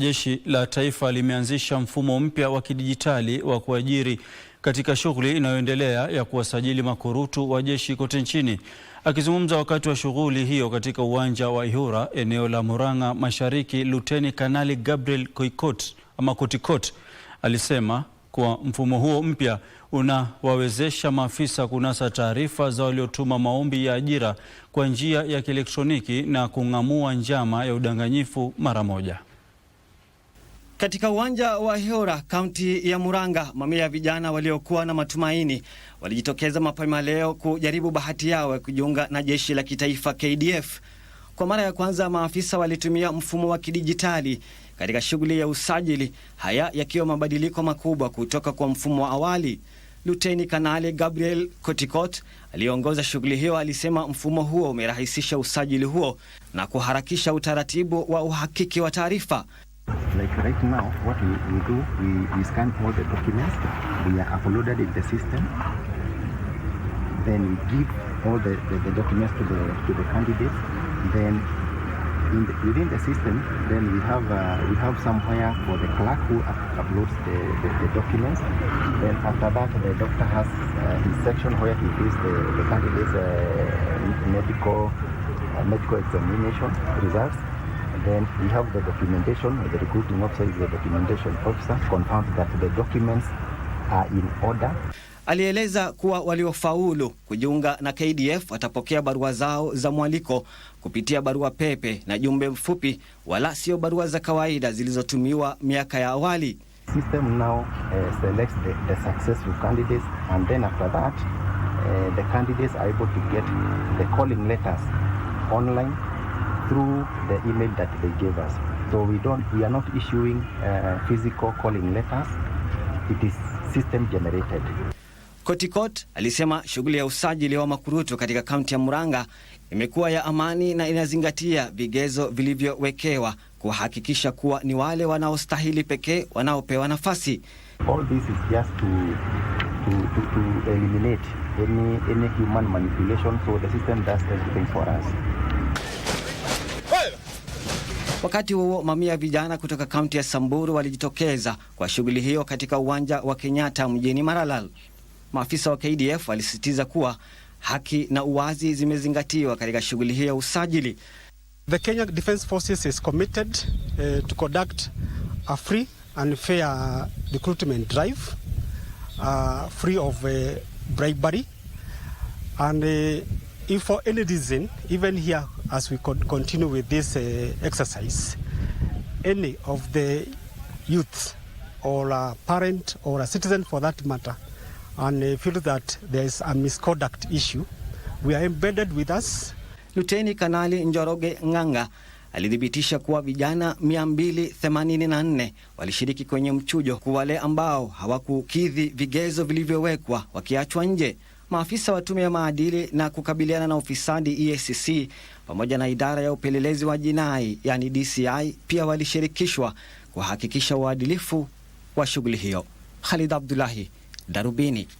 Jeshi la Taifa limeanzisha mfumo mpya wa kidijitali wa kuajiri katika shughuli inayoendelea ya kuwasajili makurutu wa jeshi kote nchini. Akizungumza wakati wa shughuli hiyo katika uwanja wa Ihura eneo la Murang'a Mashariki, Luteni Kanali Gabriel Koikot ama Kotikot alisema kuwa mfumo huo mpya unawawezesha maafisa kunasa taarifa za waliotuma maombi ya ajira kwa njia ya kielektroniki na kung'amua njama ya udanganyifu mara moja. Katika uwanja wa hora kaunti ya Murang'a, mamia ya vijana waliokuwa na matumaini walijitokeza mapema leo kujaribu bahati yao kujiunga na jeshi la kitaifa KDF. Kwa mara ya kwanza, maafisa walitumia mfumo wa kidijitali katika shughuli ya usajili, haya yakiwa mabadiliko makubwa kutoka kwa mfumo wa awali. Luteni Kanali Gabriel Kotikot aliyeongoza shughuli hiyo alisema mfumo huo umerahisisha usajili huo na kuharakisha utaratibu wa uhakiki wa taarifa. like right now, what we, we do, we, we scan all the documents, we are uploaded in the system, then we give all the, the, the documents to the, to the candidates, then the, within the system, then we have uh, we have somewhere for the clerk who up- uploads the, the, the, documents. Then after that, the doctor has uh, his section where he gives the, the candidate's uh, medical uh, medical examination results. And then we have the documentation, the recruiting officer is the documentation officer, confirms that the documents are in order. Alieleza kuwa waliofaulu kujiunga na KDF watapokea barua zao za mwaliko kupitia barua pepe na jumbe mfupi, wala sio barua za kawaida zilizotumiwa miaka ya awali. System now uh, selects the, the successful candidates and then after that uh, the candidates are able to get the calling letters online through the email that they gave us. So we don't, we are not issuing uh, physical calling letters. It is system generated. Kotikot alisema shughuli ya usajili wa makurutu katika kaunti ya Murang'a imekuwa ya amani na inazingatia vigezo vilivyowekewa kuhakikisha kuwa ni wale wanaostahili pekee wanaopewa nafasi. All this is just to, to, to, to eliminate any, any human manipulation so the system does everything for us. Wakati huo mamia ya vijana kutoka kaunti ya Samburu walijitokeza kwa shughuli hiyo katika uwanja wa Kenyatta mjini Maralal. Maafisa wa KDF walisisitiza kuwa haki na uwazi zimezingatiwa katika shughuli hiyo ya usajili. The Kenya Defence Forces is committed uh, to conduct a free and fair recruitment drive uh, free of uh, bribery and uh, if for any reason even here as we continue with this uh, exercise, any of the youth or a parent or a citizen for that matter, and uh, feel that there is a misconduct issue, we are embedded with us. Luteni Kanali Njoroge Ng'ang'a alithibitisha kuwa vijana 284 walishiriki kwenye mchujo, kwa wale ambao hawakukidhi vigezo vilivyowekwa wakiachwa nje maafisa wa tume ya maadili na kukabiliana na ufisadi EACC pamoja na idara ya upelelezi wa jinai yani DCI pia walishirikishwa kuhakikisha uadilifu wa shughuli hiyo. Khalid Abdullahi, Darubini.